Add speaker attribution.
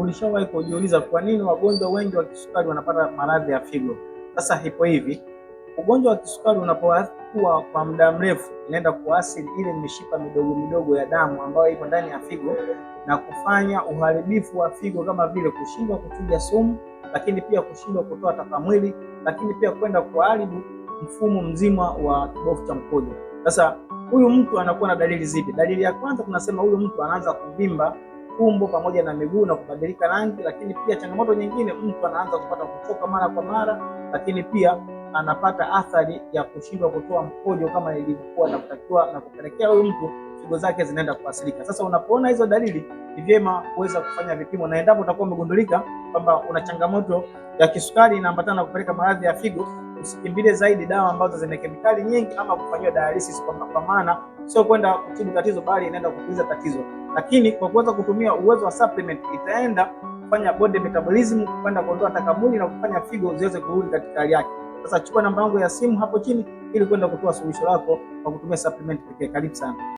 Speaker 1: ulishawahi kujiuliza kwa nini wagonjwa wengi wa kisukari wanapata maradhi ya figo? Sasa hipo hivi, ugonjwa wa kisukari unapokuwa kwa muda mrefu, inaenda kuathiri ile mishipa midogo midogo ya damu ambayo ipo ndani ya figo na kufanya uharibifu wa figo kama vile kushindwa kuchuja sumu, lakini pia kushindwa kutoa takamwili, lakini pia kwenda kuharibu mfumo mzima wa kibofu cha mkojo. Sasa huyu mtu anakuwa na dalili zipi? Dalili ya kwanza tunasema huyu mtu anaanza kuvimba umbo pamoja na miguu na kubadilika rangi. Lakini pia changamoto nyingine, mtu anaanza kupata kuchoka mara kwa mara, lakini pia anapata athari ya kushindwa kutoa mkojo kama ilivyokuwa inatakiwa na kupelekea huyu mtu figo zake zinaenda kuathirika. Sasa unapoona hizo dalili, ni vyema kuweza kufanya vipimo, na endapo utakuwa umegundulika kwamba una changamoto ya kisukari inaambatana na kupeleka maradhi ya figo, usikimbilie zaidi dawa ambazo zina kemikali nyingi ama kufanyiwa dialysis, kwa maana sio kwenda kutibu tatizo, bali inaenda kukuliza tatizo lakini kwa kuweza kutumia uwezo wa supplement itaenda kufanya body metabolism, kwenda kuondoa taka mwili na kufanya figo ziweze kurudi katika hali yake. Sasa chukua namba yangu ya simu hapo chini ili kwenda kutoa suluhisho lako kwa kutumia supplement pekee. Karibu sana.